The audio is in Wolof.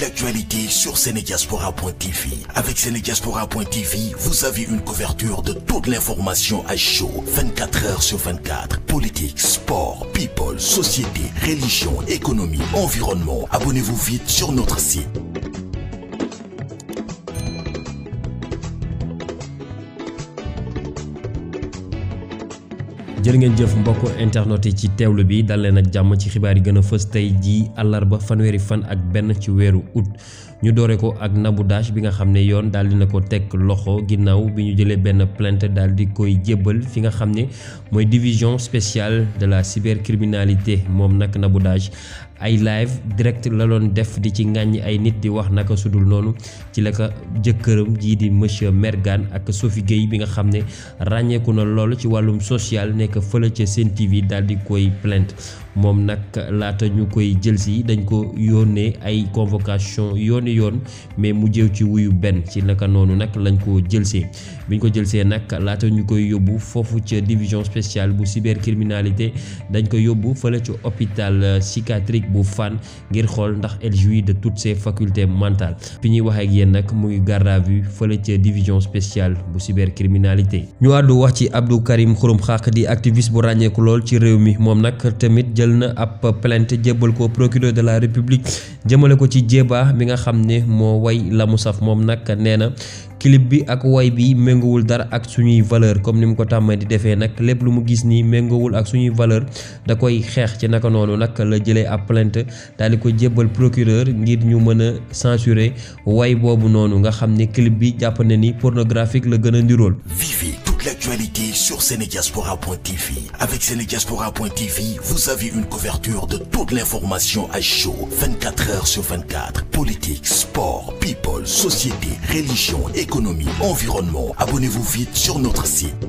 l'actualité sur sénégaspora.tv Avec sénégaspora.tv, vous avez une couverture de toute l'information à chaud, 24 heures sur 24. Politique, sport, people, société, religion, économie, environnement. Abonnez-vous vite sur notre site. jeul ngeen jeuf mbokk internet yi ci tewlu bi dal leen ak jamm ci xibaar yi gëna fess tay ji alarba fanweri fan ak ben ci wéru août ñu doré ko ak nabu dash bi nga xamné yoon dal dina ko tek loxo ginnaw bi ñu jëlé ben plainte dal di koy jébal fi nga xamné moy division spéciale de la cybercriminalité mom nak nabu dash ay live direct la loon def di ci ngagn ay nit di wax naka sudul nonu ci la ka jëkkeeram ji di monsieur mergan ak sophie gey bi nga xamné ragné ko na lool ci walum social ne que fële ca Sen TV dal di koy plainte mom nak lata ñukoy koy jël dañ ko yónnee ay convocation yooni yoon mais mu jëw ci wuyu ben ci naka nonu nak lañ ko jëlsee biñ ko jëlsee nak laata ñu koy yóbbu foofu division spéciale bu cybercriminalité dañ ko yobbu fële ci hôpital euh, psychiatrique bu fan ngir xol ndax elle jouit de toutes ses facultés mentales fi ñuy waxee ak yéen nak muy garde à vue fële ci division spéciale bu cybercriminalité ñu addu wax ci Abdou Karim khourum Xaq di activiste bu ragné ko lol ci réew mi mom nak tamit jël na ap plainte djébal ko procureur de la république djémalé ko ci djéba mi nga xamné mo way la musaf mom nak néna clip bi ak way bi mengoul dar ak suñuy valeur comme nim ko tamé di défé nak lepp lu mu gis ni mengoul ak suñuy valeur da koy xex ci naka nonu nak la jëlé ap plainte daliko djébal procureur ngir ñu mëna censurer way bobu nonu nga xamné clip bi japp né ni pornographique le gëna ndirol vivi l'actualité sur Sénégaspora.tv Avec Sénégaspora.tv, vous avez une couverture de toute l'information à chaud, 24 heures sur 24. Politique, sport, people, société, religion, économie, environnement. Abonnez-vous vite sur notre site